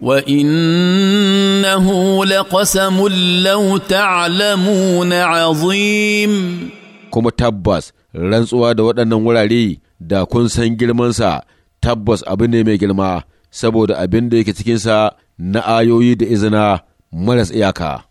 وانه لقسم لو تعلمون عظيم kuma tabbas rantsuwa da waɗannan wurare da kun san girmansa tabbas abu ne mai girma saboda abin da yake cikinsa na ayoyi da izina maras iyaka